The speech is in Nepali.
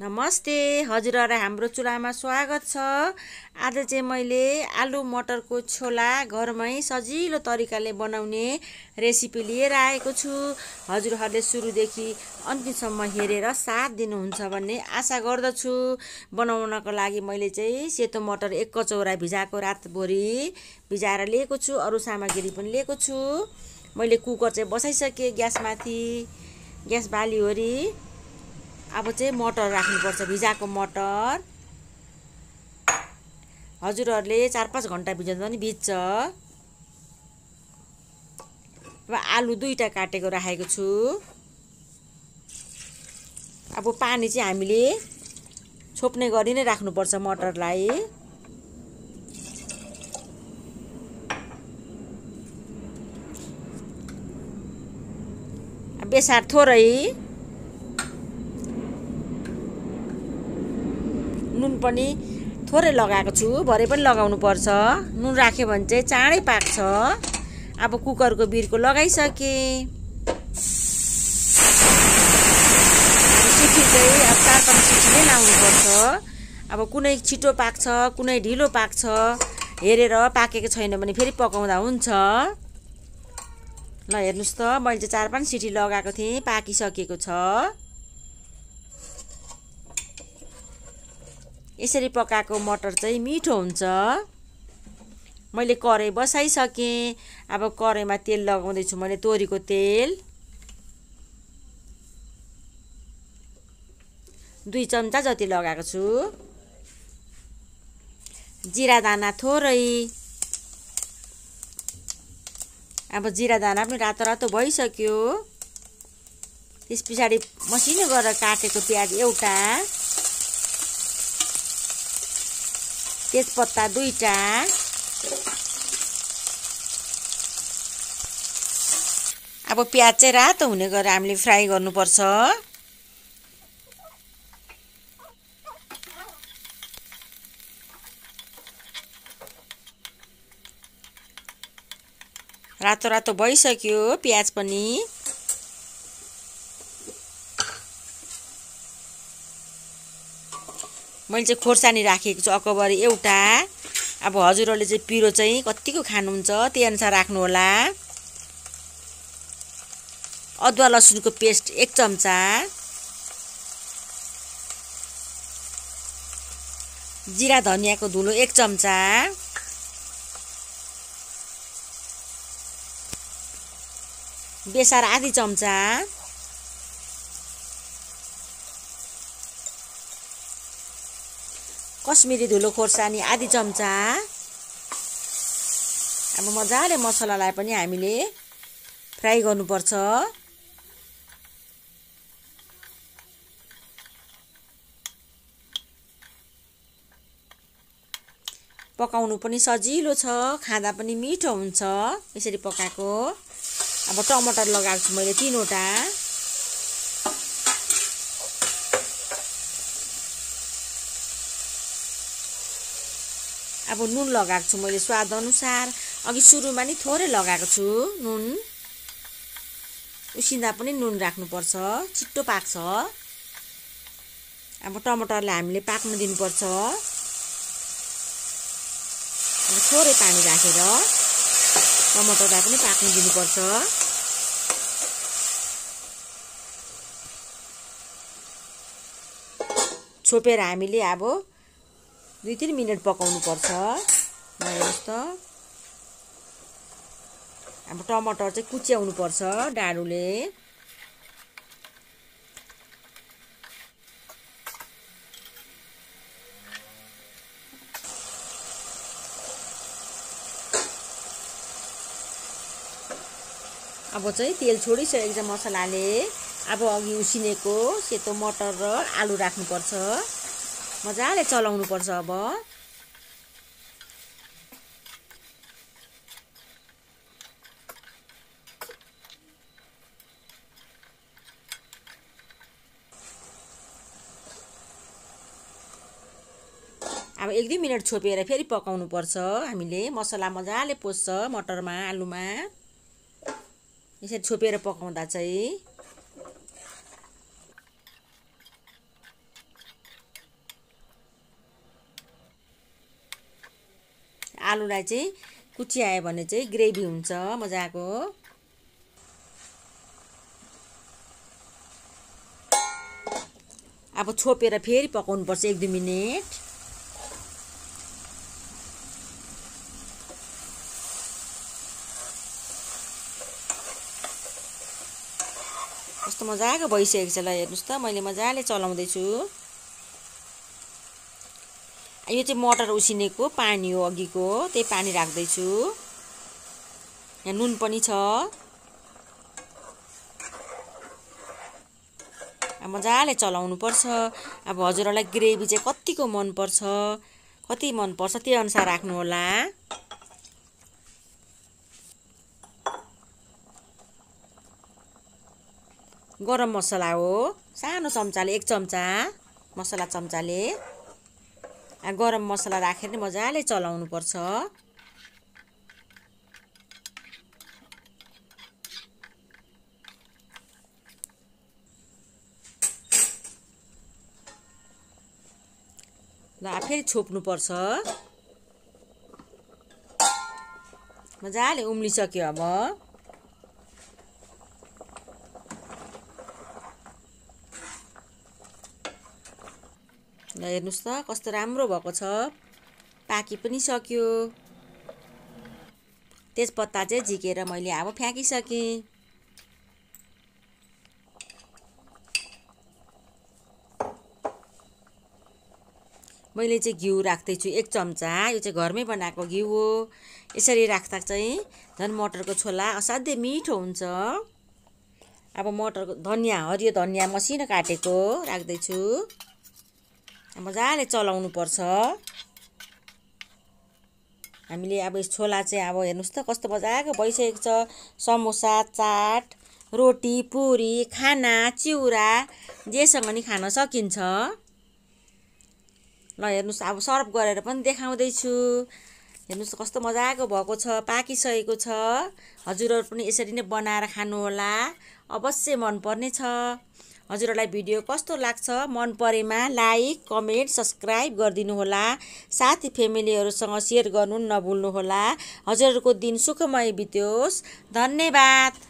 नमस्ते हजुरहरूलाई हाम्रो चुल्हामा स्वागत छ आज चाहिँ मैले आलु मटरको छोला घरमै सजिलो तरिकाले बनाउने रेसिपी लिएर आएको छु हजुरहरूले सुरुदेखि अन्तिमसम्म हेरेर साथ दिनुहुन्छ भन्ने आशा गर्दछु बनाउनको लागि मैले चाहिँ सेतो मटर एक कचौरा भिजाएको रातभरि भिजाएर लिएको छु अरू सामग्री पनि लिएको छु मैले कुकर चाहिँ बसाइसकेँ ग्यासमाथि ग्यास बालीवरी अब चाहिँ मटर राख्नुपर्छ भिजाएको मटर हजुरहरूले चार पाँच घन्टा भिजाउँदा पनि भिज्छ अब आलु दुईवटा काटेको राखेको छु अब पानी चाहिँ हामीले छोप्ने गरी नै राख्नुपर्छ मटरलाई बेसार थोरै नुन पनि थोरै लगाएको छु भरे पनि लगाउनु पर्छ नुन राख्यो भने चाहिँ चाँडै पाक्छ अब कुकरको बिर्को लगाइसकेँ सिटी चाहिँ अब चार पाँच सिटी नै लाउनुपर्छ अब कुनै छिटो पाक्छ कुनै ढिलो पाक्छ हेरेर पाकेको छैन भने फेरि पकाउँदा हुन्छ ल हेर्नुहोस् त मैले चाहिँ चार पाँच सिटी लगाएको थिएँ पाकिसकेको छ यसरी पकाएको मटर चाहिँ मिठो हुन्छ मैले कराई बसाइसकेँ अब कराईमा तेल लगाउँदैछु मैले तोरीको तेल दुई चम्चा जति लगाएको छु जिरा दाना थोरै अब जिरा दाना पनि रातो रातो भइसक्यो त्यस पछाडि मसिनो गरेर काटेको प्याज एउटा तेजपत्ता दुईवटा अब प्याज चाहिँ रातो हुने गरेर हामीले फ्राई गर्नुपर्छ रातो रातो भइसक्यो प्याज पनि मैले चाहिँ खोर्सानी राखेको छु अकबर एउटा अब हजुरहरूले चाहिँ पिरो चाहिँ कतिको खानुहुन्छ त्यही अनुसार राख्नुहोला अदुवा लसुनको पेस्ट एक चम्चा जिरा धनियाँको धुलो एक चम्चा बेसार आधी चम्चा कश्मिरी धुलो खोर्सानी आधी चम्चा अब मजाले मसलालाई पनि हामीले फ्राई गर्नुपर्छ पकाउनु पनि सजिलो छ खाँदा पनि मिठो हुन्छ यसरी पकाएको अब टमाटर लगाएको छु मैले तिनवटा अब नुन लगाएको छु मैले अनुसार अघि सुरुमा नि थोरै लगाएको छु नुन उसिँदा पनि नुन राख्नुपर्छ छिट्टो पाक्छ अब टमाटरलाई हामीले पाक्नु दिनुपर्छ अब थोरै पानी राखेर टमाटरलाई पनि पाक्नु दिनुपर्छ छोपेर हामीले अब दुई तिन मिनट पकाउनुपर्छ हेर्नुहोस् त हाम्रो टमाटर चाहिँ पर्छ डाडुले अब चाहिँ तेल छोडिसकेको छ मसलाले अब अघि उसिनेको सेतो मटर र आलु राख्नुपर्छ मजाले चलाउनु पर्छ अब अब एक दुई मिनट छोपेर फेरि पर्छ हामीले मसला मजाले पोस्छ मटरमा आलुमा यसरी छोपेर पकाउँदा चाहिँ आलुलाई चाहिँ कुच्यायो भने चाहिँ ग्रेभी हुन्छ मजाको अब छोपेर फेरि पर्छ एक दुई मिनट कस्तो मजाको भइसकेको छ ल हेर्नुहोस् त मैले मजाले चलाउँदैछु यो चाहिँ मटर उसिनेको पानी हो अघिको त्यही पानी राख्दैछु यहाँ नुन पनि छ मजाले चलाउनु पर्छ अब हजुरहरूलाई ग्रेभी चाहिँ कतिको मनपर्छ कति मनपर्छ त्यही अनुसार राख्नु होला गरम मसला हो सानो चम्चाले एक चम्चा मसला चम्चाले गरम मसला राखेर नि मजाले पर्छ ल फेरि छोप्नुपर्छ मजाले उम्लिसक्यो अब ल हेर्नुहोस् त कस्तो राम्रो भएको छ पाकी पनि सक्यो पत्ता चाहिँ झिकेर मैले अब फ्याँकिसकेँ मैले चाहिँ घिउ राख्दैछु एक चम्चा यो चाहिँ घरमै बनाएको घिउ हो यसरी राख्दा चाहिँ झन् मटरको छोला असाध्यै मिठो हुन्छ अब मटरको धनियाँ हरियो धनियाँ मसिनो काटेको राख्दैछु मजाले चलाउनु पर्छ हामीले अब छोला चाहिँ अब हेर्नुहोस् त कस्तो मजाको भइसकेको छ समोसा चाट रोटी पुरी खाना चिउरा जेसँग नि खान सकिन्छ ल हेर्नुहोस् अब सर्भ गरेर पनि देखाउँदैछु हेर्नुहोस् कस्तो मजाको भएको छ पाकिसकेको छ हजुरहरू पनि यसरी नै बनाएर खानुहोला अवश्य मनपर्ने छ हजुरहरूलाई भिडियो कस्तो लाग्छ मन परेमा लाइक कमेन्ट सब्सक्राइब गरिदिनुहोला साथी फ्यामिलीहरूसँग सेयर गर्नु नभुल्नुहोला हजुरहरूको दिन सुखमय बित्योस् धन्यवाद